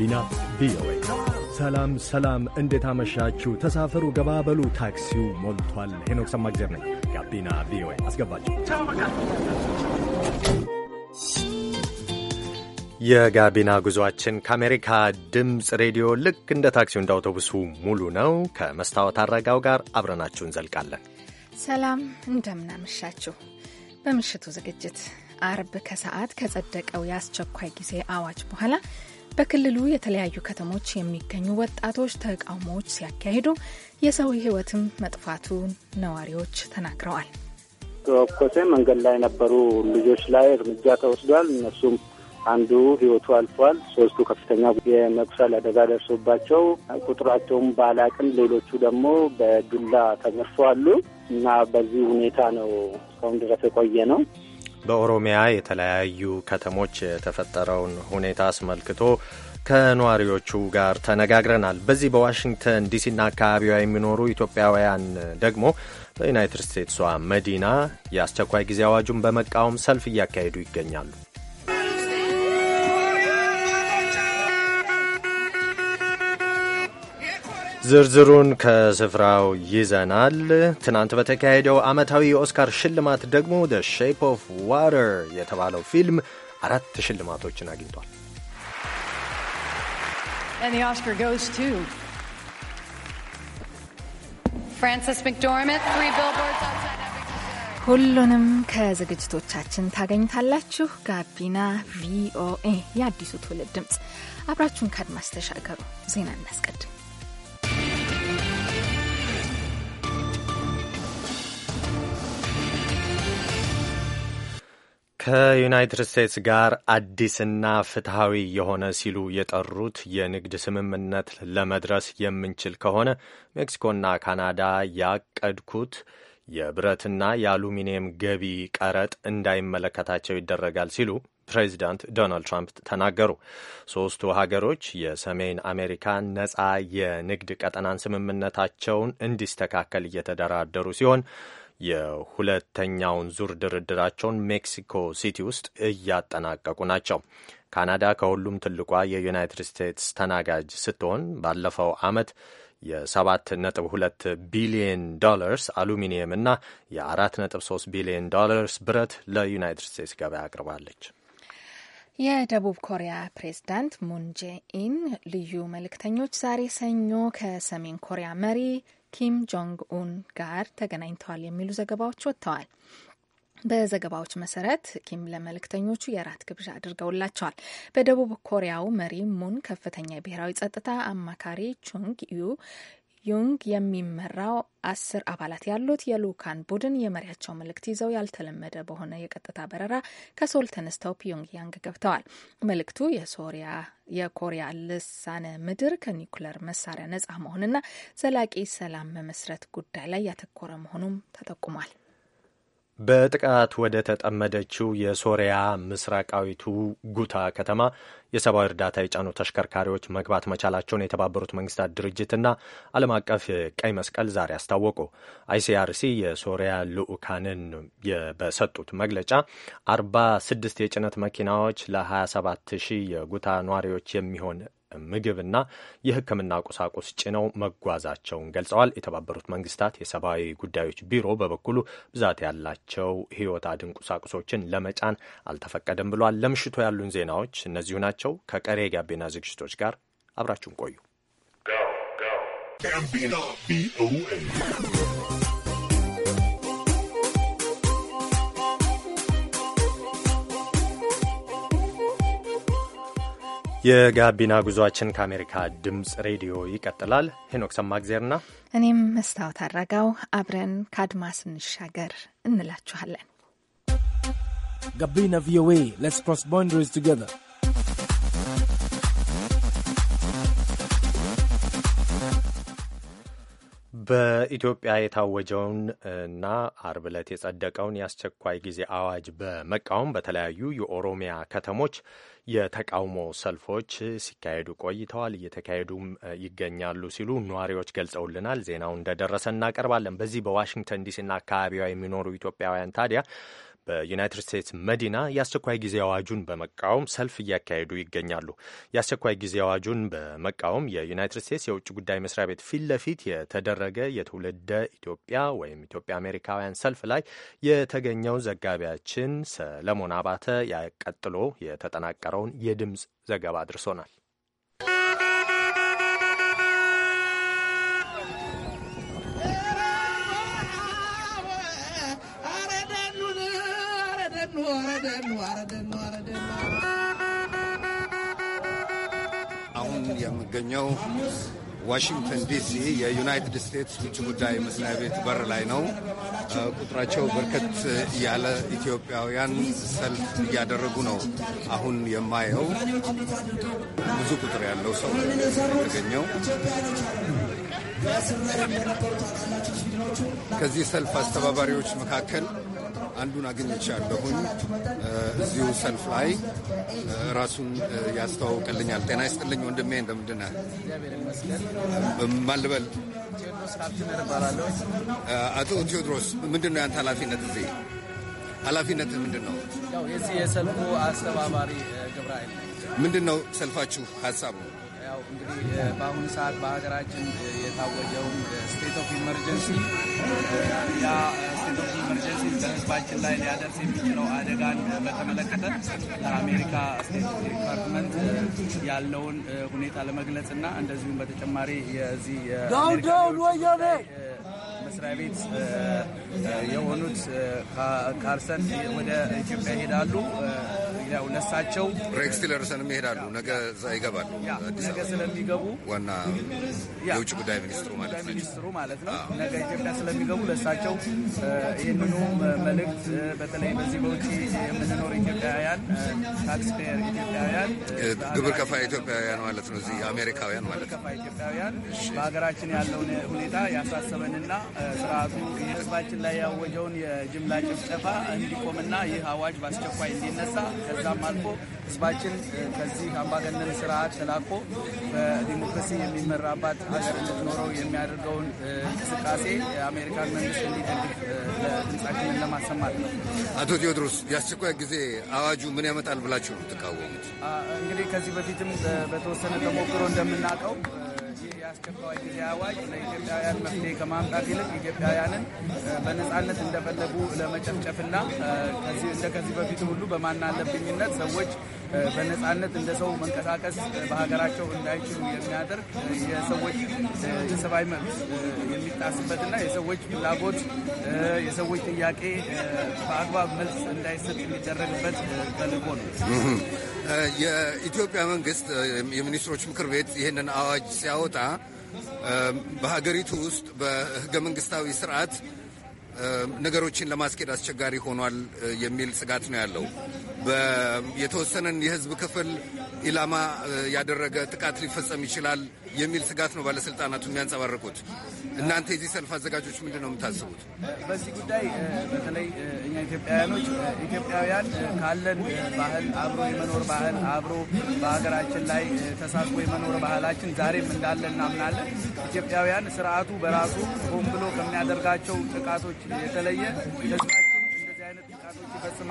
ጋቢና ቪኦኤ። ሰላም ሰላም፣ እንዴት አመሻችሁ? ተሳፈሩ፣ ገባበሉ፣ ታክሲው ሞልቷል። ሄኖክ ሰማግዜር ነኝ። ጋቢና ቪኦኤ አስገባችሁ። የጋቢና ጉዞአችን ከአሜሪካ ድምፅ ሬዲዮ ልክ እንደ ታክሲው እንደ አውቶቡሱ ሙሉ ነው። ከመስታወት አረጋው ጋር አብረናችሁ እንዘልቃለን። ሰላም እንደምናመሻችሁ። በምሽቱ ዝግጅት አርብ ከሰዓት ከጸደቀው የአስቸኳይ ጊዜ አዋጅ በኋላ በክልሉ የተለያዩ ከተሞች የሚገኙ ወጣቶች ተቃውሞዎች ሲያካሂዱ የሰው ሕይወትም መጥፋቱ ነዋሪዎች ተናግረዋል። ተወኮሴ መንገድ ላይ የነበሩ ልጆች ላይ እርምጃ ተወስዷል። እነሱም አንዱ ሕይወቱ አልፏል። ሶስቱ ከፍተኛ የመቁሰል አደጋ ደርሶባቸው ቁጥራቸውም ባላቅም፣ ሌሎቹ ደግሞ በዱላ ተገርፈዋል እና በዚህ ሁኔታ ነው እስካሁን ድረስ የቆየ ነው። በኦሮሚያ የተለያዩ ከተሞች የተፈጠረውን ሁኔታ አስመልክቶ ከነዋሪዎቹ ጋር ተነጋግረናል። በዚህ በዋሽንግተን ዲሲና አካባቢዋ የሚኖሩ ኢትዮጵያውያን ደግሞ በዩናይትድ ስቴትሷ መዲና የአስቸኳይ ጊዜ አዋጁን በመቃወም ሰልፍ እያካሄዱ ይገኛሉ። ዝርዝሩን ከስፍራው ይዘናል። ትናንት በተካሄደው ዓመታዊ የኦስካር ሽልማት ደግሞ ደ ሼፕ ኦፍ ዋተር የተባለው ፊልም አራት ሽልማቶችን አግኝቷል። ሁሉንም ከዝግጅቶቻችን ታገኝታላችሁ። ጋቢና ቪኦኤ የአዲሱ ትውልድ ድምፅ፣ አብራችሁን ከአድማስ ተሻገሩ። ዜና እናስቀድም። ከዩናይትድ ስቴትስ ጋር አዲስና ፍትሐዊ የሆነ ሲሉ የጠሩት የንግድ ስምምነት ለመድረስ የምንችል ከሆነ ሜክሲኮና ካናዳ ያቀድኩት የብረትና የአሉሚኒየም ገቢ ቀረጥ እንዳይመለከታቸው ይደረጋል ሲሉ ፕሬዚዳንት ዶናልድ ትራምፕ ተናገሩ። ሦስቱ ሀገሮች የሰሜን አሜሪካ ነጻ የንግድ ቀጠናን ስምምነታቸውን እንዲስተካከል እየተደራደሩ ሲሆን የሁለተኛውን ዙር ድርድራቸውን ሜክሲኮ ሲቲ ውስጥ እያጠናቀቁ ናቸው። ካናዳ ከሁሉም ትልቋ የዩናይትድ ስቴትስ ተናጋጅ ስትሆን ባለፈው ዓመት የ7.2 ቢሊዮን ዶላርስ አሉሚኒየም እና የ4.3 ቢሊዮን ዶላርስ ብረት ለዩናይትድ ስቴትስ ገበያ አቅርባለች። የደቡብ ኮሪያ ፕሬዝዳንት ሙንጄኢን ልዩ መልእክተኞች ዛሬ ሰኞ ከሰሜን ኮሪያ መሪ ኪም ጆንግ ኡን ጋር ተገናኝተዋል የሚሉ ዘገባዎች ወጥተዋል። በዘገባዎች መሰረት ኪም ለመልእክተኞቹ የራት ግብዣ አድርገውላቸዋል። በደቡብ ኮሪያው መሪ ሙን ከፍተኛ የብሔራዊ ጸጥታ አማካሪ ቹንግ ዩ ዩንግ የሚመራው አስር አባላት ያሉት የልዑካን ቡድን የመሪያቸው መልእክት ይዘው ያልተለመደ በሆነ የቀጥታ በረራ ከሶል ተነስተው ፒዮንግያንግ ገብተዋል። መልእክቱ የሶሪያ የኮሪያ ልሳነ ምድር ከኒኩለር መሳሪያ ነጻ መሆንና ዘላቂ ሰላም መመስረት ጉዳይ ላይ ያተኮረ መሆኑም ተጠቁሟል። በጥቃት ወደ ተጠመደችው የሶሪያ ምስራቃዊቱ ጉታ ከተማ የሰብአዊ እርዳታ የጫኑ ተሽከርካሪዎች መግባት መቻላቸውን የተባበሩት መንግስታት ድርጅትና ዓለም አቀፍ ቀይ መስቀል ዛሬ አስታወቁ። አይሲአርሲ የሶሪያ ልዑካንን በሰጡት መግለጫ 46 የጭነት መኪናዎች ለ27 ሺህ የጉታ ነዋሪዎች የሚሆን ምግብና የሕክምና ቁሳቁስ ጭነው መጓዛቸውን ገልጸዋል። የተባበሩት መንግስታት የሰብአዊ ጉዳዮች ቢሮ በበኩሉ ብዛት ያላቸው ሕይወት አድን ቁሳቁሶችን ለመጫን አልተፈቀደም ብሏል። ለምሽቱ ያሉን ዜናዎች እነዚሁ ናቸው። ከቀሬ የጋቢና ዝግጅቶች ጋር አብራችሁን ቆዩ። የጋቢና ጉዟችን ከአሜሪካ ድምፅ ሬዲዮ ይቀጥላል። ሄኖክ ሰማግዜርና እኔም መስታወት አረጋው አብረን ከአድማስ እንሻገር እንላችኋለን። ጋቢና ቪኦኤ ሌትስ ክሮስ ባውንደሪስ ቱጌዘር በኢትዮጵያ የታወጀውን እና አርብ ዕለት የጸደቀውን የአስቸኳይ ጊዜ አዋጅ በመቃወም በተለያዩ የኦሮሚያ ከተሞች የተቃውሞ ሰልፎች ሲካሄዱ ቆይተዋል፣ እየተካሄዱም ይገኛሉ ሲሉ ነዋሪዎች ገልጸውልናል። ዜናው እንደደረሰ እናቀርባለን። በዚህ በዋሽንግተን ዲሲና አካባቢዋ የሚኖሩ ኢትዮጵያውያን ታዲያ በዩናይትድ ስቴትስ መዲና የአስቸኳይ ጊዜ አዋጁን በመቃወም ሰልፍ እያካሄዱ ይገኛሉ። የአስቸኳይ ጊዜ አዋጁን በመቃወም የዩናይትድ ስቴትስ የውጭ ጉዳይ መስሪያ ቤት ፊት ለፊት የተደረገ የትውልደ ኢትዮጵያ ወይም ኢትዮጵያ አሜሪካውያን ሰልፍ ላይ የተገኘው ዘጋቢያችን ሰለሞን አባተ ቀጥሎ የተጠናቀረውን የድምፅ ዘገባ አድርሶናል። አሁን የምገኘው ዋሽንግተን ዲሲ የዩናይትድ ስቴትስ ውጭ ጉዳይ መስሪያ ቤት በር ላይ ነው። ቁጥራቸው በርከት ያለ ኢትዮጵያውያን ሰልፍ እያደረጉ ነው። አሁን የማየው ብዙ ቁጥር ያለው ሰው የተገኘው። ከዚህ ሰልፍ አስተባባሪዎች መካከል አንዱን አግኝቻለሁኝ። እዚሁ ሰልፍ ላይ ራሱን ያስተዋውቅልኛል። ጤና ይስጥልኝ ወንድሜ፣ እንደምንድን ነህ? አቶ ቴዎድሮስ፣ ምንድን ነው ያንተ ኃላፊነት እዚህ? ኃላፊነት ምንድን ነው? የዚህ የሰልፉ አስተባባሪ ግብረ ኃይል ምንድን ነው? ሰልፋችሁ ሀሳቡ እንግዲህ በአሁኑ ሰዓት በሀገራችን የታወጀውን ስቴት ኦፍ ኢመርጀንሲ ያ ስቴት ኦፍ ኢመርጀንሲ በህዝባችን ላይ ሊያደርስ የሚችለው አደጋን በተመለከተ ለአሜሪካ ስቴት ዲፓርትመንት uh, ያለውን uh, ሁኔታ ለመግለጽ እና እንደዚሁም በተጨማሪ የዚህ uh, መስሪያ ቤት የሆኑት ካርሰን ወደ ኢትዮጵያ ይሄዳሉ። ያው ለሳቸው ሬክስ ቲለርሰንም ይሄዳሉ። ነገ እዛ ይገባሉ። ነገ ስለሚገቡ ዋና የውጭ ጉዳይ ሚኒስትሩ ማለት ሚኒስትሩ ማለት ነው። ነገ ኢትዮጵያ ስለሚገቡ ለሳቸው ይህንኑ መልእክት በተለይ በዚህ በውጭ የምንኖር ኢትዮጵያውያን ታክስ ኢትዮጵያውያን ግብር ከፋይ ኢትዮጵያውያን ማለት ነው። እዚህ አሜሪካውያን ማለት ነው። ኢትዮጵያውያን በሀገራችን ያለውን ሁኔታ ያሳሰበንና ስርዓቱ ህዝባችን ላይ ያወጀውን የጅምላ ጭፍጨፋ እንዲቆምና ይህ አዋጅ በአስቸኳይ እንዲነሳ ከዛም አልፎ ህዝባችን ከዚህ አምባገነን ስርዓት ተላቆ በዲሞክራሲ የሚመራባት ሀገር እንድትኖረው የሚያደርገውን እንቅስቃሴ የአሜሪካን መንግስት እንዲደግፍ ለድምጻችንን ለማሰማት ነው። አቶ ቴዎድሮስ የአስቸኳይ ጊዜ አዋጁ ምን ያመጣል ብላችሁ ነው የምትቃወሙት? እንግዲህ ከዚህ በፊትም በተወሰነ ተሞክሮ እንደምናውቀው ይህ የአስቸኳይ ጊዜ አዋጅ ለኢትዮጵያውያን መፍትሄ ከማምጣት ይልቅ ኢትዮጵያውያንን በነጻነት እንደፈለጉ ለመጨፍጨፍና እንደ ከዚህ በፊት ሁሉ በማናለብኝነት ሰዎች በነጻነት እንደ ሰው መንቀሳቀስ በሀገራቸው እንዳይችሉ የሚያደርግ የሰዎች የሰብአዊ መብት የሚጣስበትና የሰዎች ፍላጎት የሰዎች ጥያቄ በአግባብ መልስ እንዳይሰጥ የሚደረግበት ተልእኮ ነው። የኢትዮጵያ መንግስት የሚኒስትሮች ምክር ቤት ይህንን አዋጅ ሲያወጣ በሀገሪቱ ውስጥ በህገ መንግስታዊ ስርዓት ነገሮችን ለማስኬድ አስቸጋሪ ሆኗል የሚል ስጋት ነው ያለው። የተወሰነን የህዝብ ክፍል ኢላማ ያደረገ ጥቃት ሊፈጸም ይችላል የሚል ስጋት ነው ባለስልጣናቱ የሚያንጸባርቁት። እናንተ የዚህ ሰልፍ አዘጋጆች ምንድን ነው የምታስቡት በዚህ ጉዳይ? በተለይ እኛ ኢትዮጵያውያኖች ኢትዮጵያውያን ካለን ባህል አብሮ የመኖር ባህል አብሮ በሀገራችን ላይ ተሳትፎ የመኖር ባህላችን ዛሬም እንዳለ እናምናለን። ኢትዮጵያውያን ስርዓቱ በራሱ ሆን ብሎ ከሚያደርጋቸው ጥቃቶች የተለየ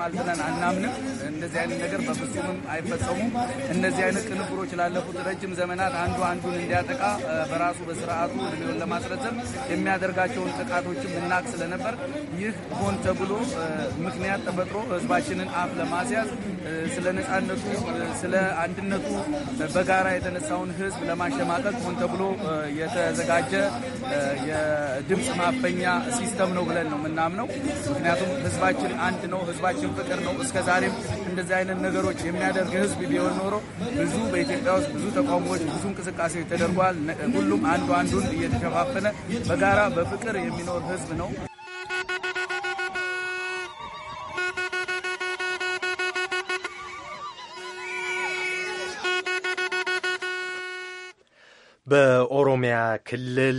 ይፈጸማል ብለን አናምንም። እንደዚህ አይነት ነገር በፍጹምም አይፈጸሙም። እነዚህ አይነት ቅንብሮች ላለፉት ረጅም ዘመናት አንዱ አንዱን እንዲያጠቃ በራሱ በስርዓቱ እድሜውን ለማስረዘም የሚያደርጋቸውን ጥቃቶችም እናቅ ስለነበር ይህ ሆን ተብሎ ምክንያት ተፈጥሮ ህዝባችንን አፍ ለማስያዝ ስለ ነጻነቱ፣ ስለ አንድነቱ በጋራ የተነሳውን ህዝብ ለማሸማቀቅ ሆን ተብሎ የተዘጋጀ የድምፅ ማፈኛ ሲስተም ነው ብለን ነው የምናምነው። ምክንያቱም ህዝባችን አንድ ነው፣ ህዝባችን ፍቅር ነው። እስከ ዛሬም እንደዚህ አይነት ነገሮች የሚያደርግ ህዝብ ቢሆን ኖሮ ብዙ በኢትዮጵያ ውስጥ ብዙ ተቃውሞዎች፣ ብዙ እንቅስቃሴዎች ተደርጓል። ሁሉም አንዱ አንዱን እየተሸፋፈነ በጋራ በፍቅር የሚኖር ህዝብ ነው። በኦሮሚያ ክልል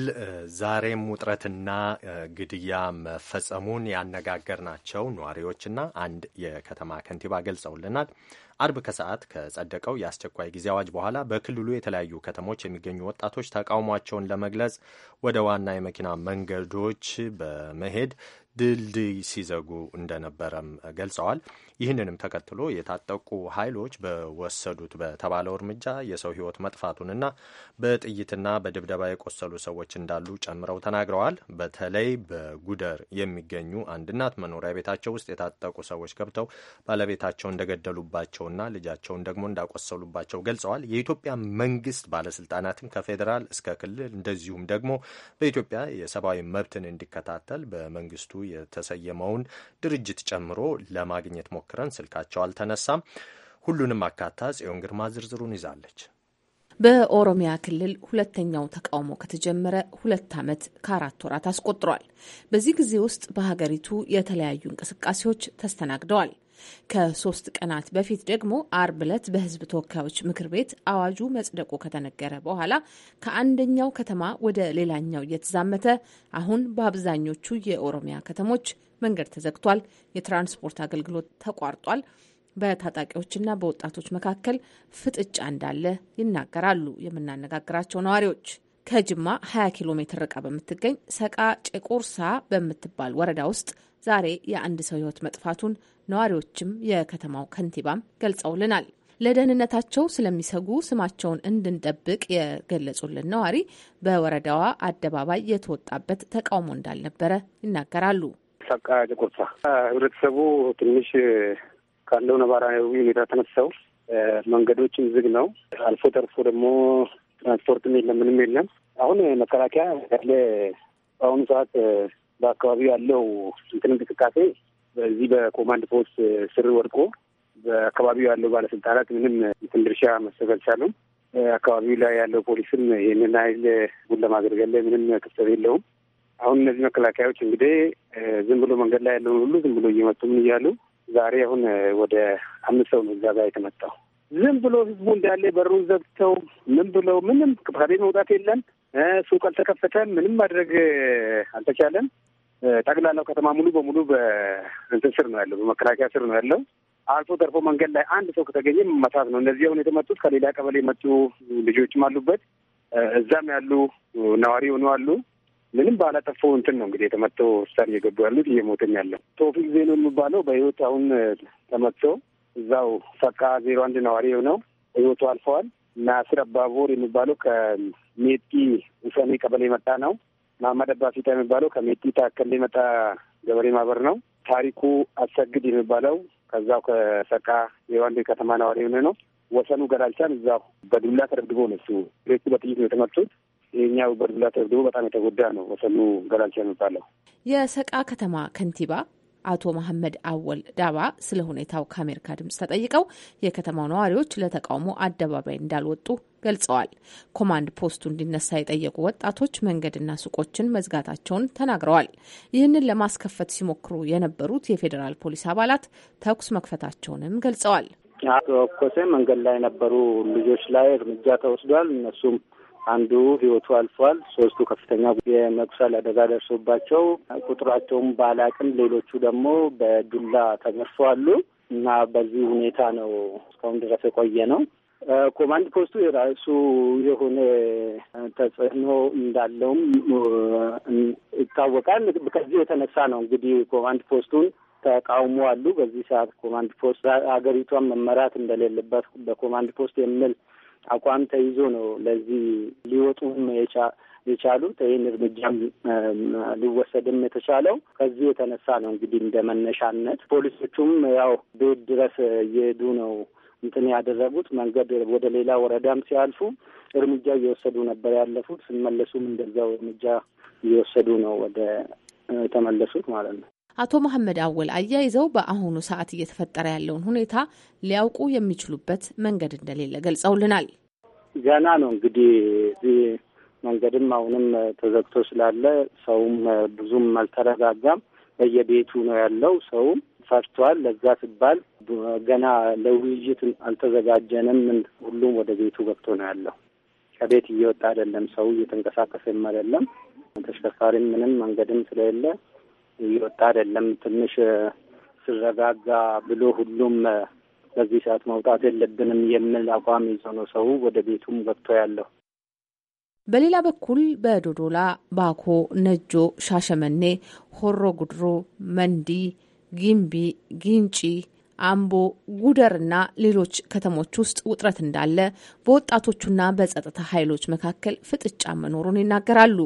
ዛሬም ውጥረትና ግድያ መፈጸሙን ያነጋገርናቸው ነዋሪዎችና አንድ የከተማ ከንቲባ ገልጸውልናል። አርብ ከሰዓት ከጸደቀው የአስቸኳይ ጊዜ አዋጅ በኋላ በክልሉ የተለያዩ ከተሞች የሚገኙ ወጣቶች ተቃውሟቸውን ለመግለጽ ወደ ዋና የመኪና መንገዶች በመሄድ ድልድይ ሲዘጉ እንደነበረም ገልጸዋል። ይህንንም ተከትሎ የታጠቁ ኃይሎች በወሰዱት በተባለው እርምጃ የሰው ሕይወት መጥፋቱንና በጥይትና በድብደባ የቆሰሉ ሰዎች እንዳሉ ጨምረው ተናግረዋል። በተለይ በጉደር የሚገኙ አንድ እናት መኖሪያ ቤታቸው ውስጥ የታጠቁ ሰዎች ገብተው ባለቤታቸው እንደገደሉባቸውና ልጃቸውን ደግሞ እንዳቆሰሉባቸው ገልጸዋል። የኢትዮጵያ መንግስት ባለስልጣናትም ከፌዴራል እስከ ክልል እንደዚሁም ደግሞ በኢትዮጵያ የሰብአዊ መብትን እንዲከታተል በመንግስቱ የተሰየመውን ድርጅት ጨምሮ ለማግኘት ሞክረን ስልካቸው አልተነሳም። ሁሉንም አካታ ጽዮን ግርማ ዝርዝሩን ይዛለች። በኦሮሚያ ክልል ሁለተኛው ተቃውሞ ከተጀመረ ሁለት ዓመት ከአራት ወራት አስቆጥሯል። በዚህ ጊዜ ውስጥ በሀገሪቱ የተለያዩ እንቅስቃሴዎች ተስተናግደዋል። ከሶስት ቀናት በፊት ደግሞ አርብ ዕለት በህዝብ ተወካዮች ምክር ቤት አዋጁ መጽደቁ ከተነገረ በኋላ ከአንደኛው ከተማ ወደ ሌላኛው እየተዛመተ አሁን በአብዛኞቹ የኦሮሚያ ከተሞች መንገድ ተዘግቷል፣ የትራንስፖርት አገልግሎት ተቋርጧል፣ በታጣቂዎችና በወጣቶች መካከል ፍጥጫ እንዳለ ይናገራሉ የምናነጋግራቸው ነዋሪዎች። ከጅማ 20 ኪሎ ሜትር ርቃ በምትገኝ ሰቃ ጭቁርሳ በምትባል ወረዳ ውስጥ ዛሬ የአንድ ሰው ህይወት መጥፋቱን ነዋሪዎችም የከተማው ከንቲባም ገልጸውልናል። ለደህንነታቸው ስለሚሰጉ ስማቸውን እንድንጠብቅ የገለጹልን ነዋሪ በወረዳዋ አደባባይ የተወጣበት ተቃውሞ እንዳልነበረ ይናገራሉ። ሳቃ ጨቆርሳ ህብረተሰቡ ትንሽ ካለው ነባራዊ ሁኔታ ተነሳው መንገዶችም ዝግ ነው። አልፎ ተርፎ ደግሞ ትራንስፖርትም የለም፣ ምንም የለም። አሁን መከላከያ ያለ በአሁኑ ሰዓት በአካባቢው ያለው እንትን እንቅስቃሴ በዚህ በኮማንድ ፖስት ስር ወድቆ በአካባቢው ያለው ባለስልጣናት ምንም ድርሻ መሰብ አልቻሉም። አካባቢው ላይ ያለው ፖሊስም ይህንን ኃይል ቡን ለማገልገል ምንም ክፍተት የለውም። አሁን እነዚህ መከላከያዎች እንግዲህ ዝም ብሎ መንገድ ላይ ያለውን ሁሉ ዝም ብሎ እየመጡ ምን እያሉ ዛሬ አሁን ወደ አምስት ሰው ነው እዛ ጋር የተመጣው። ዝም ብሎ ህዝቡ እንዳለ በሩን ዘግተው ምን ብለው ምንም ከቤት መውጣት የለም። ሱቅ አልተከፈተም። ምንም ማድረግ አልተቻለም። ጠቅላላው ከተማ ሙሉ በሙሉ በእንትን ስር ነው ያለው፣ በመከላከያ ስር ነው ያለው። አልፎ ተርፎ መንገድ ላይ አንድ ሰው ከተገኘ መሳት ነው። እነዚህ አሁን የተመጡት ከሌላ ቀበሌ የመጡ ልጆችም አሉበት፣ እዛም ያሉ ነዋሪ የሆኑ አሉ። ምንም ባላጠፋው እንትን ነው እንግዲህ የተመጠው ስታር እየገቡ ያሉት እየሞተም ያለው ቶፊክ ዜኖ የሚባለው በህይወት አሁን ተመጥቶ እዛው ፈቃ ዜሮ አንድ ነዋሪ የሆነው ህይወቱ አልፈዋል። ናስር አባቦር የሚባለው ከሜጢ ውሰኔ ቀበሌ የመጣ ነው። መሀመድ አባሲታ የሚባለው ከሜጢታ አከል የመጣ ገበሬ ማህበር ነው። ታሪኩ አሰግድ የሚባለው ከዛው ከሰቃ የዋንዴ ከተማ ነዋሪ የሆነ ነው። ወሰኑ ገላልቻን እዛው በዱላ ተደብድቦ ነው እሱ ሬቱ በጥይት ነው የተመቱት። ይህኛው በዱላ ተደብድቦ በጣም የተጎዳ ነው። ወሰኑ ገላልቻ የሚባለው የሰቃ ከተማ ከንቲባ አቶ መሐመድ አወል ዳባ ስለ ሁኔታው ከአሜሪካ ድምጽ ተጠይቀው የከተማው ነዋሪዎች ለተቃውሞ አደባባይ እንዳልወጡ ገልጸዋል። ኮማንድ ፖስቱ እንዲነሳ የጠየቁ ወጣቶች መንገድና ሱቆችን መዝጋታቸውን ተናግረዋል። ይህንን ለማስከፈት ሲሞክሩ የነበሩት የፌዴራል ፖሊስ አባላት ተኩስ መክፈታቸውንም ገልጸዋል። ተኮሰ መንገድ ላይ የነበሩ ልጆች ላይ እርምጃ ተወስዷል። እነሱም አንዱ ህይወቱ አልፏል። ሶስቱ ከፍተኛ የመቁሰል አደጋ ደርሶባቸው ቁጥራቸውም ባላቅም፣ ሌሎቹ ደግሞ በዱላ ተገርፎ አሉ እና በዚህ ሁኔታ ነው እስካሁን ድረስ የቆየ ነው። ኮማንድ ፖስቱ የራሱ የሆነ ተጽዕኖ እንዳለውም ይታወቃል። ከዚህ የተነሳ ነው እንግዲህ ኮማንድ ፖስቱን ተቃውሞ አሉ። በዚህ ሰዓት ኮማንድ ፖስት ሀገሪቷን መመራት እንደሌለበት በኮማንድ ፖስት የሚል አቋም ተይዞ ነው ለዚህ ሊወጡም የቻሉት ይህን እርምጃም ሊወሰድም የተቻለው ከዚህ የተነሳ ነው። እንግዲህ እንደ መነሻነት ፖሊሶቹም ያው ቤት ድረስ እየሄዱ ነው እንትን ያደረጉት መንገድ ወደ ሌላ ወረዳም ሲያልፉ እርምጃ እየወሰዱ ነበር ያለፉት። ስንመለሱም እንደዚያው እርምጃ እየወሰዱ ነው ወደ የተመለሱት ማለት ነው። አቶ መሐመድ አወል አያይዘው በአሁኑ ሰዓት እየተፈጠረ ያለውን ሁኔታ ሊያውቁ የሚችሉበት መንገድ እንደሌለ ገልጸውልናል። ገና ነው እንግዲህ እዚህ መንገድም አሁንም ተዘግቶ ስላለ ሰውም ብዙም አልተረጋጋም። በየቤቱ ነው ያለው። ሰውም ፈርቷል። ለዛ ሲባል ገና ለውይይት አልተዘጋጀንም። ሁሉም ወደ ቤቱ ገብቶ ነው ያለው። ከቤት እየወጣ አይደለም። ሰው እየተንቀሳቀሰም አይደለም። ተሽከርካሪም ምንም መንገድም ስለሌለ እየወጣ አይደለም። ትንሽ ስረጋጋ ብሎ ሁሉም በዚህ ሰዓት መውጣት የለብንም የሚል አቋም ይዞ ነው ሰው ወደ ቤቱም ገብቶ ያለው። በሌላ በኩል በዶዶላ፣ ባኮ፣ ነጆ፣ ሻሸመኔ፣ ሆሮ ጉድሮ፣ መንዲ፣ ጊምቢ፣ ጊንጪ አምቦ፣ ጉደር እና ሌሎች ከተሞች ውስጥ ውጥረት እንዳለ በወጣቶቹና በጸጥታ ኃይሎች መካከል ፍጥጫ መኖሩን ይናገራሉ።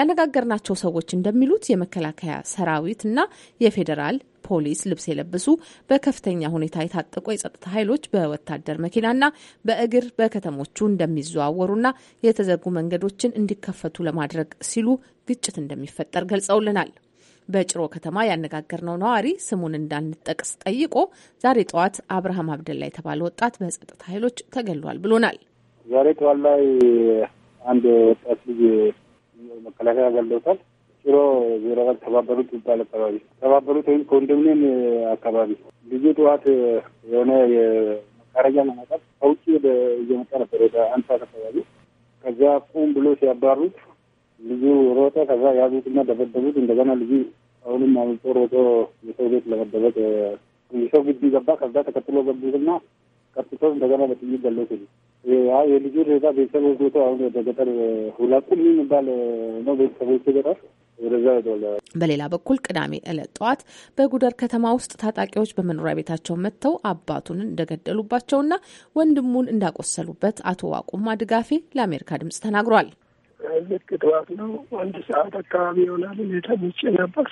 ያነጋገርናቸው ሰዎች እንደሚሉት የመከላከያ ሰራዊት እና የፌዴራል ፖሊስ ልብስ የለበሱ በከፍተኛ ሁኔታ የታጠቁ የጸጥታ ኃይሎች በወታደር መኪናና በእግር በከተሞቹ እንደሚዘዋወሩና የተዘጉ መንገዶችን እንዲከፈቱ ለማድረግ ሲሉ ግጭት እንደሚፈጠር ገልጸውልናል። በጭሮ ከተማ ያነጋገርነው ነዋሪ ስሙን እንዳንጠቅስ ጠይቆ ዛሬ ጠዋት አብርሃም አብደላ የተባለ ወጣት በጸጥታ ኃይሎች ተገሏል ብሎናል። ዛሬ ጠዋት ላይ አንድ ወጣት ልጅ መከላከያ ገለውታል። ጭሮ ዜሮ ተባበሩት ይባል አካባቢ ተባበሩት ወይም ኮንዶሚኒየም አካባቢ ልዩ ጠዋት የሆነ የመጋረጃ ማመጣት ከውጭ እየመጣ ነበር ወደ አንሳት አካባቢ ከዚያ ቁም ብሎ ሲያባሩት ልጁ ሮጠ። ከዛ ያዙትና ደበደቡት። እንደገና ልጁ አሁንም አምልጦ ሮጦ የሰው ቤት ለመደበቅ የሰው ግቢ ገባ። ከዛ ተከትሎ ገቡትና ቀጥቶ እንደገና በጥይት ገለት የልጁ ሬሳ ቤተሰብ ሞቶ አሁን ወደ ገጠር ሁላቁም የሚባል ነው ቤተሰቦች ገጠር በሌላ በኩል ቅዳሜ ዕለት ጠዋት በጉደር ከተማ ውስጥ ታጣቂዎች በመኖሪያ ቤታቸው መጥተው አባቱን እንደገደሉባቸውና ወንድሙን እንዳቆሰሉበት አቶ ዋቁማ ድጋፌ ለአሜሪካ ድምጽ ተናግሯል። ለእልት ክትባት ነው። አንድ ሰዓት አካባቢ ይሆናል ተኝቼ ነበር።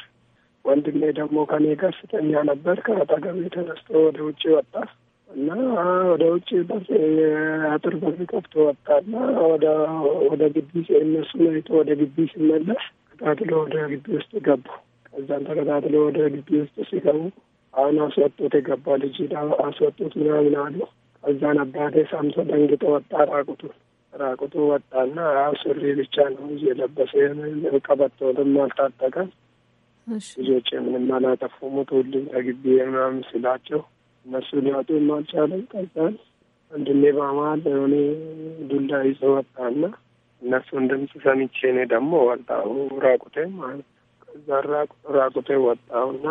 ወንድሜ ደግሞ ከኔ ጋር ስተኛ ነበር። ከአጠገቤ ተነስቶ ወደ ውጭ ወጣ እና ወደ ውጭ የአጥር በር ከፍቶ ወጣ ወጣና ወደ ግቢ እነሱን አይቶ ወደ ግቢ ሲመለስ ተከታትሎ ወደ ግቢ ውስጥ ገቡ። ከዛም ተከታትሎ ወደ ግቢ ውስጥ ሲገቡ አሁን አስወጡት የገባ ልጅ አስወጡት ምናምን አሉ። ከዛን አባቴ ሳምሶ ደንግጦ ወጣ ራቁቱን ራቁቱ ወጣና ሱሪ ብቻ ነው የለበሰ ቀበቶንም አልታጠቀም። ልጆች ምንም አላጠፉም። ሁሉም ከግቢ ምናምን ስላቸው እነሱ ሊወጡም አልቻለም። ቀዛል አንድኔ በማል እኔ ዱላ ይዞ ወጣና እነሱን ድምፅ ሰምቼ እኔ ደግሞ ወጣሁ ራቁቴ ማለት ከዛ ራቁቴ ወጣሁና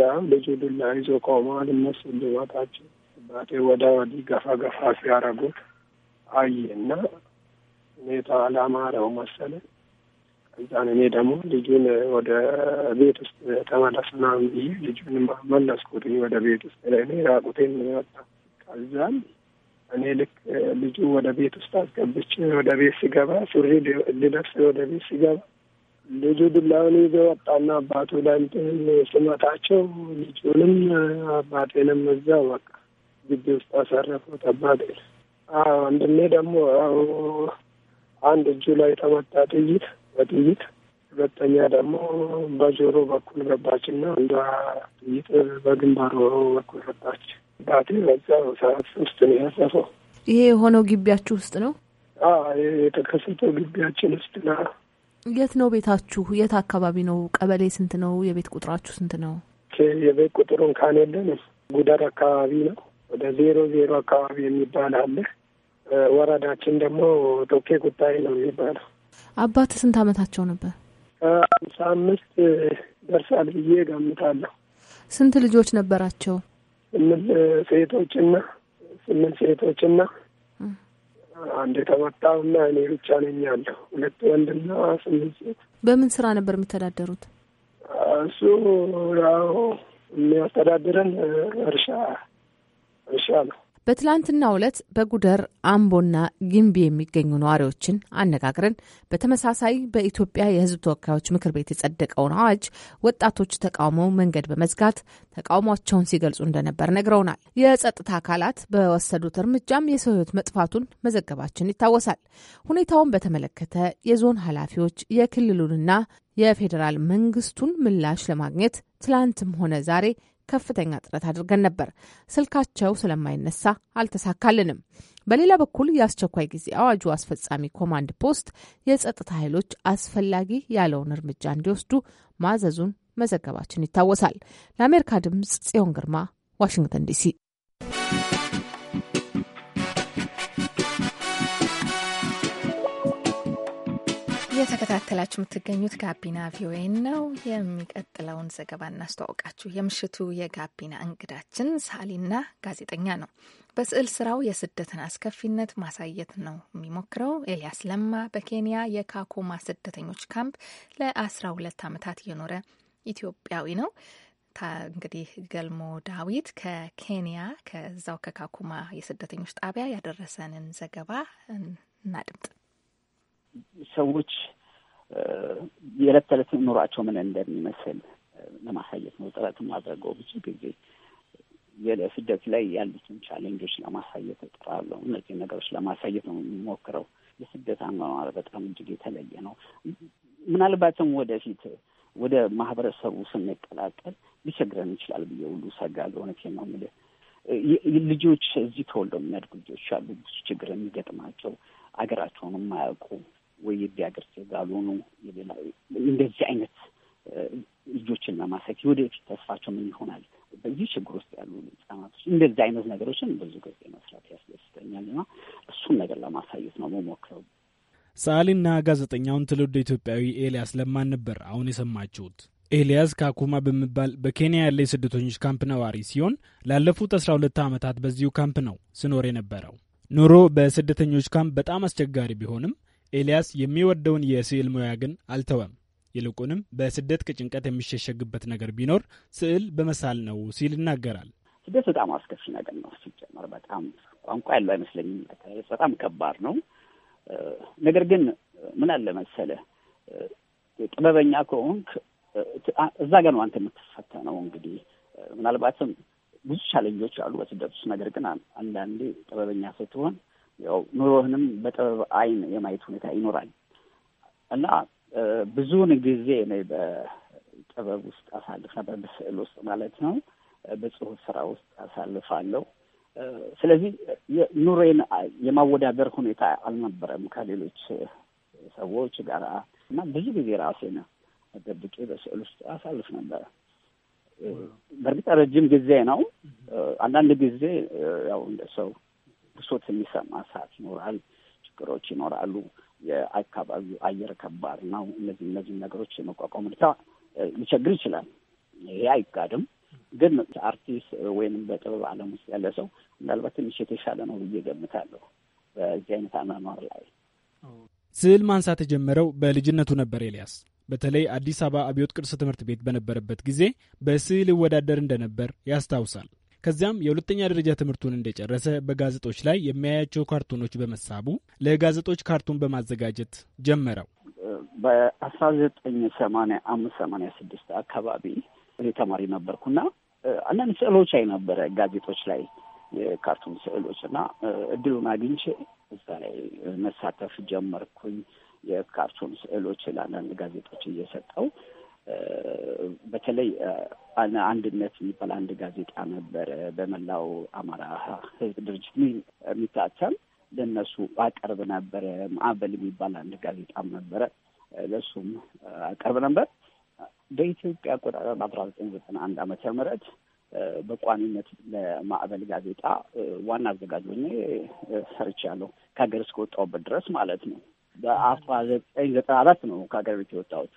ያው ልጁ ዱላ ይዞ ቆመዋል። እነሱ ልወጣቸው ባቴ ወዳ ወዲህ ገፋ ገፋ ሲያረጉት አየና ሁኔታ አላማረው መሰለ። ከዛን እኔ ደግሞ ልጁን ወደ ቤት ውስጥ ተመለስና ብዬ ልጁን መለስኩት ወደ ቤት ውስጥ። እኔ ራቁቴን ወጣ። ከዛም እኔ ልክ ልጁ ወደ ቤት ውስጥ አስገብቼ ወደ ቤት ሲገባ ሱሪ ልለብስ ወደ ቤት ሲገባ ልጁ ዱላውን ይዞ ወጣና አባቱ ላይ ስመታቸው ልጁንም አባቴንም እዛው በቃ ግቢ ውስጥ አሳረፉት አባቴን። ወንድሜ ደግሞ አንድ እጁ ላይ ተመታ ጥይት በጥይት ሁለተኛ ደግሞ በጆሮ በኩል ገባችና አንዷ ጥይት በግንባሩ በኩል ገባች። ዳቴ በዛ ሰዓት ውስጥ ነው ያረፈው። ይሄ የሆነው ግቢያችሁ ውስጥ ነው? ይሄ የተከሰተው ግቢያችን ውስጥ ነው። የት ነው ቤታችሁ? የት አካባቢ ነው? ቀበሌ ስንት ነው? የቤት ቁጥራችሁ ስንት ነው? የቤት ቁጥሩን ካን የለንም። ጉደር አካባቢ ነው። ወደ ዜሮ ዜሮ አካባቢ የሚባል አለ ወረዳችን ደግሞ ቶኬ ጉዳይ ነው የሚባለው። አባት ስንት አመታቸው ነበር? ከአምሳ አምስት ደርሳል ብዬ ገምታለሁ። ስንት ልጆች ነበራቸው? ስምንት ሴቶችና ስምንት ሴቶችና አንድ የተመታው እና እኔ ብቻ ነኝ ያለሁ። ሁለት ወንድና ስምንት ሴት። በምን ስራ ነበር የሚተዳደሩት? እሱ ያው የሚያስተዳድረን እርሻ እርሻ ነው። በትላንትናው ዕለት በጉደር አምቦና ግንቢ የሚገኙ ነዋሪዎችን አነጋግረን በተመሳሳይ በኢትዮጵያ የሕዝብ ተወካዮች ምክር ቤት የጸደቀውን አዋጅ ወጣቶች ተቃውመው መንገድ በመዝጋት ተቃውሟቸውን ሲገልጹ እንደነበር ነግረውናል። የጸጥታ አካላት በወሰዱት እርምጃም የሰው ሕይወት መጥፋቱን መዘገባችን ይታወሳል። ሁኔታውን በተመለከተ የዞን ኃላፊዎች የክልሉንና የፌዴራል መንግስቱን ምላሽ ለማግኘት ትላንትም ሆነ ዛሬ ከፍተኛ ጥረት አድርገን ነበር። ስልካቸው ስለማይነሳ አልተሳካልንም። በሌላ በኩል የአስቸኳይ ጊዜ አዋጁ አስፈጻሚ ኮማንድ ፖስት የጸጥታ ኃይሎች አስፈላጊ ያለውን እርምጃ እንዲወስዱ ማዘዙን መዘገባችን ይታወሳል። ለአሜሪካ ድምጽ ጽዮን ግርማ ዋሽንግተን ዲሲ። እየተከታተላችሁ የምትገኙት ጋቢና ቪኦኤ ነው። የሚቀጥለውን ዘገባ እናስተዋውቃችሁ። የምሽቱ የጋቢና እንግዳችን ሳሊና ጋዜጠኛ ነው። በስዕል ስራው የስደትን አስከፊነት ማሳየት ነው የሚሞክረው። ኤልያስ ለማ በኬንያ የካኮማ ስደተኞች ካምፕ ለአስራ ሁለት ዓመታት የኖረ ኢትዮጵያዊ ነው። እንግዲህ ገልሞ ዳዊት ከኬንያ ከዛው ከካኩማ የስደተኞች ጣቢያ ያደረሰንን ዘገባ እናድምጥ። ሰዎች የዕለት ተዕለት ኑሯቸው ምን እንደሚመስል ለማሳየት ነው ጥረት ማድረገው። ብዙ ጊዜ ስደት ላይ ያሉትን ቻሌንጆች ለማሳየት እጥራለሁ። እነዚህ ነገሮች ለማሳየት ነው የሚሞክረው። የስደት አኗኗር በጣም እጅግ የተለየ ነው። ምናልባትም ወደፊት ወደ ማህበረሰቡ ስንቀላቀል ሊቸግረን ይችላል ብዬ ሁሉ እሰጋለሁ። እውነቴን ነው የምልህ። ልጆች እዚህ ተወልደው የሚያድጉ ልጆች አሉ፣ ብዙ ችግር የሚገጥማቸው አገራቸውን የማያውቁ ወይ ቢያደርስ ጋሎኑ እንደዚህ አይነት ልጆችን ለማሳየት ወደፊት ተስፋቸው ምን ይሆናል፣ በዚህ ችግር ውስጥ ያሉ ህጻናቶች እንደዚህ አይነት ነገሮችን ብዙ ጊዜ መስራት ያስደስተኛል እና እሱን ነገር ለማሳየት ነው መሞክረው። ሰዓሊና ጋዜጠኛውን ትውልደ ኢትዮጵያዊ ኤልያስ ለማን ነበር አሁን የሰማችሁት። ኤልያስ ካኩማ በሚባል በኬንያ ያለ የስደተኞች ካምፕ ነዋሪ ሲሆን ላለፉት 1ስራ ሁለት ዓመታት በዚሁ ካምፕ ነው ስኖር የነበረው። ኑሮ በስደተኞች ካምፕ በጣም አስቸጋሪ ቢሆንም ኤልያስ የሚወደውን የስዕል ሙያ ግን አልተወም። ይልቁንም በስደት ከጭንቀት የሚሸሸግበት ነገር ቢኖር ስዕል በመሳል ነው ሲል ይናገራል። ስደት በጣም አስከፊ ነገር ነው። ሲጀመር በጣም ቋንቋ ያለው አይመስለኝም። በጣም ከባድ ነው። ነገር ግን ምን አለ መሰለ ጥበበኛ ከሆንክ እዛ ጋር ነው አንተ የምትፈተነው። እንግዲህ ምናልባትም ብዙ ቻለንጆች አሉ በስደት ውስጥ። ነገር ግን አንዳንዴ ጥበበኛ ስትሆን ያው ኑሮህንም በጥበብ አይን የማየት ሁኔታ ይኖራል እና ብዙውን ጊዜ እኔ በጥበብ ውስጥ አሳልፍ ነበር፣ በስዕል ውስጥ ማለት ነው፣ በጽሁፍ ስራ ውስጥ አሳልፋለሁ። ስለዚህ ኑሮዬን የማወዳደር ሁኔታ አልነበረም ከሌሎች ሰዎች ጋር እና ብዙ ጊዜ ራሴን ደብቄ በስዕል ውስጥ አሳልፍ ነበር። በእርግጥ ረጅም ጊዜ ነው። አንዳንድ ጊዜ ያው እንደ ሰው ብሶት የሚሰማ ሰዓት ይኖራል። ችግሮች ይኖራሉ። የአካባቢው አየር ከባድ ነው። እነዚህ እነዚህ ነገሮች የመቋቋም ሁኔታ ሊቸግር ይችላል። ይሄ አይጋድም። ግን አርቲስት ወይንም በጥበብ ዓለም ውስጥ ያለ ሰው ምናልባት ትንሽ የተሻለ ነው ብዬ ገምታለሁ በዚህ አይነት አኗኗር ላይ ስዕል ማንሳት የጀመረው በልጅነቱ ነበር። ኤልያስ በተለይ አዲስ አበባ አብዮት ቅርስ ትምህርት ቤት በነበረበት ጊዜ በስዕል ይወዳደር እንደነበር ያስታውሳል። ከዚያም የሁለተኛ ደረጃ ትምህርቱን እንደጨረሰ በጋዜጦች ላይ የሚያያቸው ካርቱኖች በመሳቡ ለጋዜጦች ካርቱን በማዘጋጀት ጀመረው። በአስራ ዘጠኝ ሰማንያ አምስት ሰማንያ ስድስት አካባቢ እኔ ተማሪ ነበርኩና አንዳንድ ስዕሎች አይ ነበረ ጋዜጦች ላይ የካርቱን ስዕሎች እና እድሉን አግኝቼ እዛ ላይ መሳተፍ ጀመርኩኝ። የካርቱን ስዕሎች ለአንዳንድ ጋዜጦች እየሰጠው በተለይ አንድነት የሚባል አንድ ጋዜጣ ነበረ፣ በመላው አማራ ህዝብ ድርጅት የሚታተም ለእነሱ አቀርብ ነበረ። ማዕበል የሚባል አንድ ጋዜጣም ነበረ፣ ለእሱም አቀርብ ነበር። በኢትዮጵያ አቆጣጠር በአስራ ዘጠኝ ዘጠና አንድ ዓመተ ምህረት በቋሚነት ለማዕበል ጋዜጣ ዋና አዘጋጅ ሆኜ ሰርቻለሁ ከሀገር እስከወጣሁበት ድረስ ማለት ነው። በአስራ ዘጠኝ ዘጠና አራት ነው ከሀገር ቤት የወጣሁት።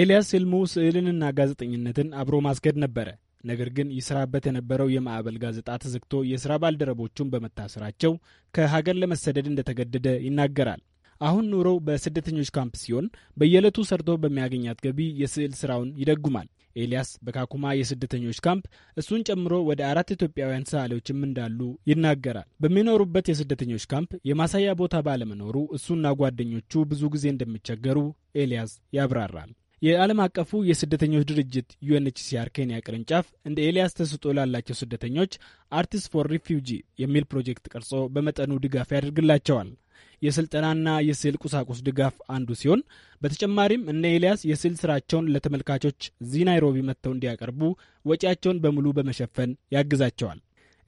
ኤልያስ ሕልሙ ስዕልንና ጋዜጠኝነትን አብሮ ማስገድ ነበረ። ነገር ግን ይስራበት የነበረው የማዕበል ጋዜጣ ተዘግቶ የሥራ ባልደረቦቹን በመታሰራቸው ከሀገር ለመሰደድ እንደተገደደ ይናገራል። አሁን ኑሮው በስደተኞች ካምፕ ሲሆን በየዕለቱ ሰርቶ በሚያገኛት ገቢ የስዕል ስራውን ይደጉማል። ኤልያስ በካኩማ የስደተኞች ካምፕ እሱን ጨምሮ ወደ አራት ኢትዮጵያውያን ሰዓሊዎችም እንዳሉ ይናገራል። በሚኖሩበት የስደተኞች ካምፕ የማሳያ ቦታ ባለመኖሩ እሱና ጓደኞቹ ብዙ ጊዜ እንደሚቸገሩ ኤልያስ ያብራራል። የዓለም አቀፉ የስደተኞች ድርጅት ዩኤንኤችሲአር ኬንያ ቅርንጫፍ እንደ ኤልያስ ተስጦ ላላቸው ስደተኞች አርቲስት ፎር ሪፊውጂ የሚል ፕሮጀክት ቀርጾ በመጠኑ ድጋፍ ያደርግላቸዋል። የስልጠናና የስዕል ቁሳቁስ ድጋፍ አንዱ ሲሆን በተጨማሪም እነ ኤልያስ የስዕል ስራቸውን ለተመልካቾች እዚህ ናይሮቢ መጥተው እንዲያቀርቡ ወጪያቸውን በሙሉ በመሸፈን ያግዛቸዋል።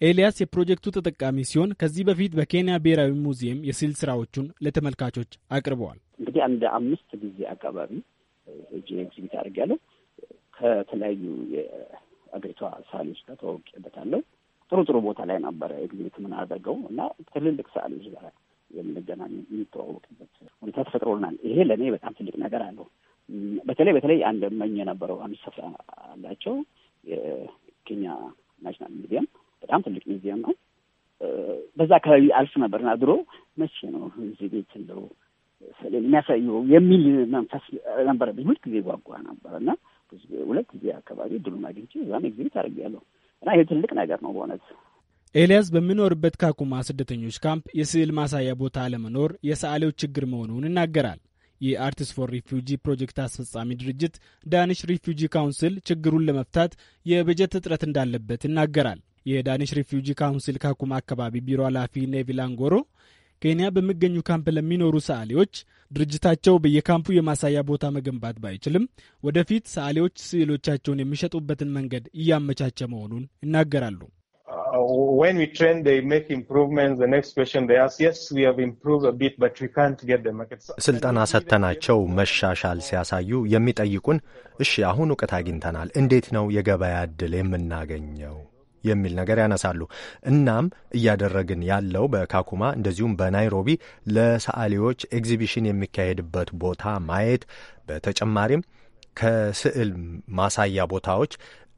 ኤልያስ የፕሮጀክቱ ተጠቃሚ ሲሆን ከዚህ በፊት በኬንያ ብሔራዊ ሙዚየም የስዕል ስራዎቹን ለተመልካቾች አቅርበዋል። እንግዲህ አንድ አምስት ጊዜ አካባቢ እጅ ኤግዚቢት ያለው ከተለያዩ የአገሪቷ ሰዓሊዎች ጋር ተዋውቄበታለሁ። ጥሩ ጥሩ ቦታ ላይ ነበረ ኤግዚቢት የምናደርገው እና ትልልቅ ሰዓሊዎች ጋር የምንገናኝ የሚተዋወቅበት ሁኔታ ተፈጥሮልናል። ይሄ ለእኔ በጣም ትልቅ ነገር አለው። በተለይ በተለይ አንድ መኝ የነበረው አንድ ስፍራ አላቸው። የኬንያ ናሽናል ሚዚየም በጣም ትልቅ ሚዚየም ነው። በዛ አካባቢ አልፍ ነበርና ድሮ መቼ ነው እዚህ ቤት እንደው የሚል መንፈስ ብዙ ጊዜ ጓጓ ነበር እና ሁለት ጊዜ አካባቢ ድሉን አግኝቼ እዛም ኤግዚቢት አድርጌያለሁ እና ይህ ትልቅ ነገር ነው በእውነት። ኤልያስ በሚኖርበት ካኩማ ስደተኞች ካምፕ የስዕል ማሳያ ቦታ አለመኖር የሰዓሌው ችግር መሆኑን ይናገራል። የአርቲስት ፎር ሪፊውጂ ፕሮጀክት አስፈጻሚ ድርጅት ዳኒሽ ሪፊውጂ ካውንስል ችግሩን ለመፍታት የበጀት እጥረት እንዳለበት ይናገራል። የዳኒሽ ሪፊውጂ ካውንስል ካኩማ አካባቢ ቢሮ ኃላፊ ኔቪላንጎሮ ኬንያ በሚገኙ ካምፕ ለሚኖሩ ሰዓሊዎች ድርጅታቸው በየካምፑ የማሳያ ቦታ መገንባት ባይችልም ወደፊት ሰዓሊዎች ስዕሎቻቸውን የሚሸጡበትን መንገድ እያመቻቸ መሆኑን ይናገራሉ። uh, ስልጠና ሰጥተናቸው መሻሻል ሲያሳዩ የሚጠይቁን እሺ አሁን እውቀት አግኝተናል፣ እንዴት ነው የገበያ ዕድል የምናገኘው የሚል ነገር ያነሳሉ። እናም እያደረግን ያለው በካኩማ እንደዚሁም በናይሮቢ ለሰዓሊዎች ኤግዚቢሽን የሚካሄድበት ቦታ ማየት፣ በተጨማሪም ከስዕል ማሳያ ቦታዎች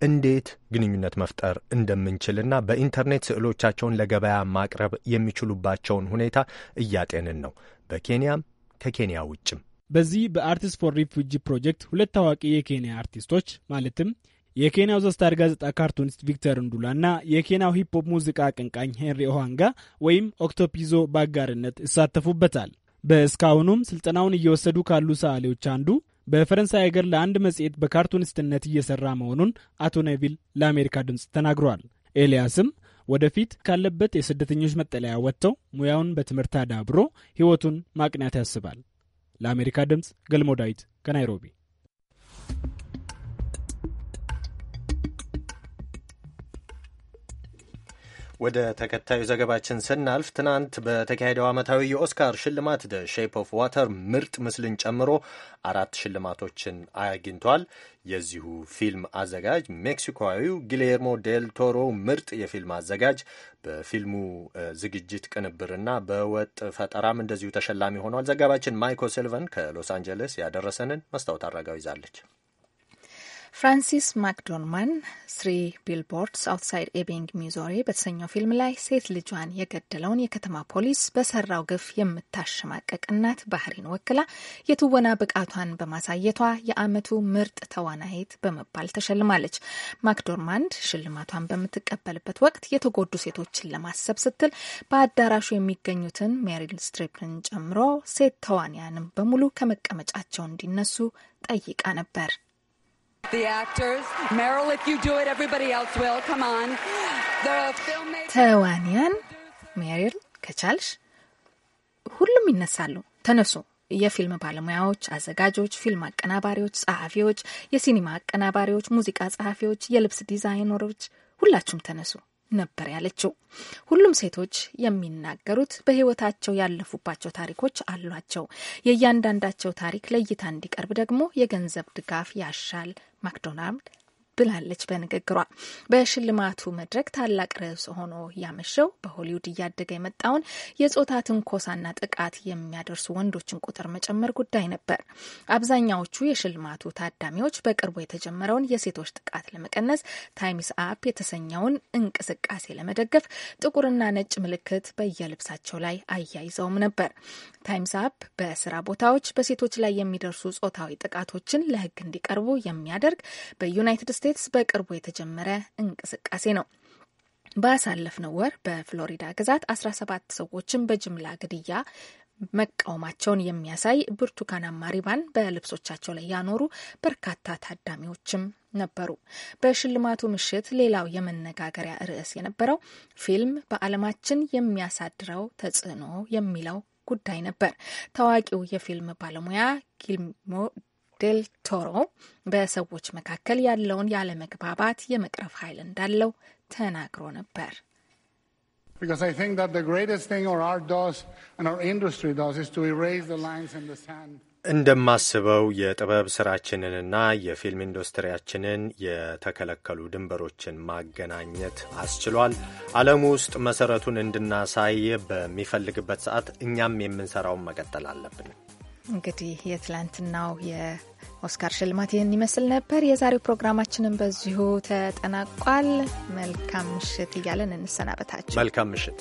እንዴት ግንኙነት መፍጠር እንደምንችልና በኢንተርኔት ስዕሎቻቸውን ለገበያ ማቅረብ የሚችሉባቸውን ሁኔታ እያጤንን ነው በኬንያም ከኬንያ ውጭም። በዚህ በአርቲስት ፎር ሪፉጂ ፕሮጀክት ሁለት ታዋቂ የኬንያ አርቲስቶች ማለትም የኬንያው ዘስታር ጋዜጣ ካርቱኒስት ቪክተር እንዱላ እና የኬንያው ሂፕሆፕ ሙዚቃ አቀንቃኝ ሄንሪ ኦሃንጋ ወይም ኦክቶፒዞ በአጋርነት ይሳተፉበታል። በእስካሁኑም ስልጠናውን እየወሰዱ ካሉ ሰዓሊዎች አንዱ በፈረንሳይ ሀገር ለአንድ መጽሔት በካርቱኒስትነት እየሰራ መሆኑን አቶ ነቪል ለአሜሪካ ድምፅ ተናግረዋል። ኤልያስም ወደፊት ካለበት የስደተኞች መጠለያ ወጥተው ሙያውን በትምህርት አዳብሮ ሕይወቱን ማቅናት ያስባል። ለአሜሪካ ድምፅ ገልሞ ዳዊት ከናይሮቢ ወደ ተከታዩ ዘገባችን ስናልፍ ትናንት በተካሄደው ዓመታዊ የኦስካር ሽልማት ደ ሼፕ ኦፍ ዋተር ምርጥ ምስልን ጨምሮ አራት ሽልማቶችን አግኝቷል። የዚሁ ፊልም አዘጋጅ ሜክሲኮዊው ጊሌርሞ ዴል ቶሮ ምርጥ የፊልም አዘጋጅ በፊልሙ ዝግጅት ቅንብርና በወጥ ፈጠራም እንደዚሁ ተሸላሚ ሆኗል። ዘጋባችን ማይኮ ሲልቨን ከሎስ አንጀለስ ያደረሰንን መስታወት አድራጋው ይዛለች። ፍራንሲስ ማክዶርማን ስሪ ቢልቦርድስ አውትሳይድ ኤቢንግ ሚዞሪ በተሰኘው ፊልም ላይ ሴት ልጇን የገደለውን የከተማ ፖሊስ በሰራው ግፍ የምታሸማቀቅ እናት ባህሪን ወክላ የትወና ብቃቷን በማሳየቷ የአመቱ ምርጥ ተዋናይት በመባል ተሸልማለች። ማክዶርማንድ ሽልማቷን በምትቀበልበት ወቅት የተጎዱ ሴቶችን ለማሰብ ስትል በአዳራሹ የሚገኙትን ሜሪል ስትሪፕን ጨምሮ ሴት ተዋንያንም በሙሉ ከመቀመጫቸው እንዲነሱ ጠይቃ ነበር። ተዋንያን ሜሪል ከቻልሽ ሁሉም ይነሳሉ። ተነሱ። የፊልም ባለሙያዎች፣ አዘጋጆች፣ ፊልም አቀናባሪዎች፣ ጸሐፊዎች፣ የሲኒማ አቀናባሪዎች፣ ሙዚቃ ጸሐፊዎች፣ የልብስ ዲዛይነሮች፣ ሁላችሁም ተነሱ። ነበር ያለችው። ሁሉም ሴቶች የሚናገሩት በህይወታቸው ያለፉባቸው ታሪኮች አሏቸው። የእያንዳንዳቸው ታሪክ ለእይታ እንዲቀርብ ደግሞ የገንዘብ ድጋፍ ያሻል። ማክዶናልድ ብላለች በንግግሯ። በሽልማቱ መድረክ ታላቅ ርዕስ ሆኖ ያመሸው በሆሊውድ እያደገ የመጣውን የጾታ ትንኮሳና ጥቃት የሚያደርሱ ወንዶችን ቁጥር መጨመር ጉዳይ ነበር። አብዛኛዎቹ የሽልማቱ ታዳሚዎች በቅርቡ የተጀመረውን የሴቶች ጥቃት ለመቀነስ ታይምስ አፕ የተሰኘውን እንቅስቃሴ ለመደገፍ ጥቁርና ነጭ ምልክት በየልብሳቸው ላይ አያይዘውም ነበር። ታይምስ አፕ በስራ ቦታዎች በሴቶች ላይ የሚደርሱ ጾታዊ ጥቃቶችን ለህግ እንዲቀርቡ የሚያደርግ በዩናይትድ ስቴትስ በቅርቡ የተጀመረ እንቅስቃሴ ነው። ባሳለፍነው ወር በፍሎሪዳ ግዛት 17 ሰዎችን በጅምላ ግድያ መቃወማቸውን የሚያሳይ ብርቱካናማ ሪባን በልብሶቻቸው ላይ ያኖሩ በርካታ ታዳሚዎችም ነበሩ። በሽልማቱ ምሽት ሌላው የመነጋገሪያ ርዕስ የነበረው ፊልም በዓለማችን የሚያሳድረው ተጽዕኖ የሚለው ጉዳይ ነበር። ታዋቂው የፊልም ባለሙያ ጊልሞ ዴል ቶሮ በሰዎች መካከል ያለውን ያለመግባባት የመቅረፍ ኃይል እንዳለው ተናግሮ ነበር። እንደማስበው የጥበብ ስራችንንና የፊልም ኢንዱስትሪያችንን የተከለከሉ ድንበሮችን ማገናኘት አስችሏል። ዓለም ውስጥ መሰረቱን እንድናሳይ በሚፈልግበት ሰዓት እኛም የምንሰራውን መቀጠል አለብን። እንግዲህ የትላንትናው የኦስካር ሽልማት ይህን ይመስል ነበር። የዛሬው ፕሮግራማችንን በዚሁ ተጠናቋል። መልካም ምሽት እያለን እንሰናበታችን። መልካም ምሽት።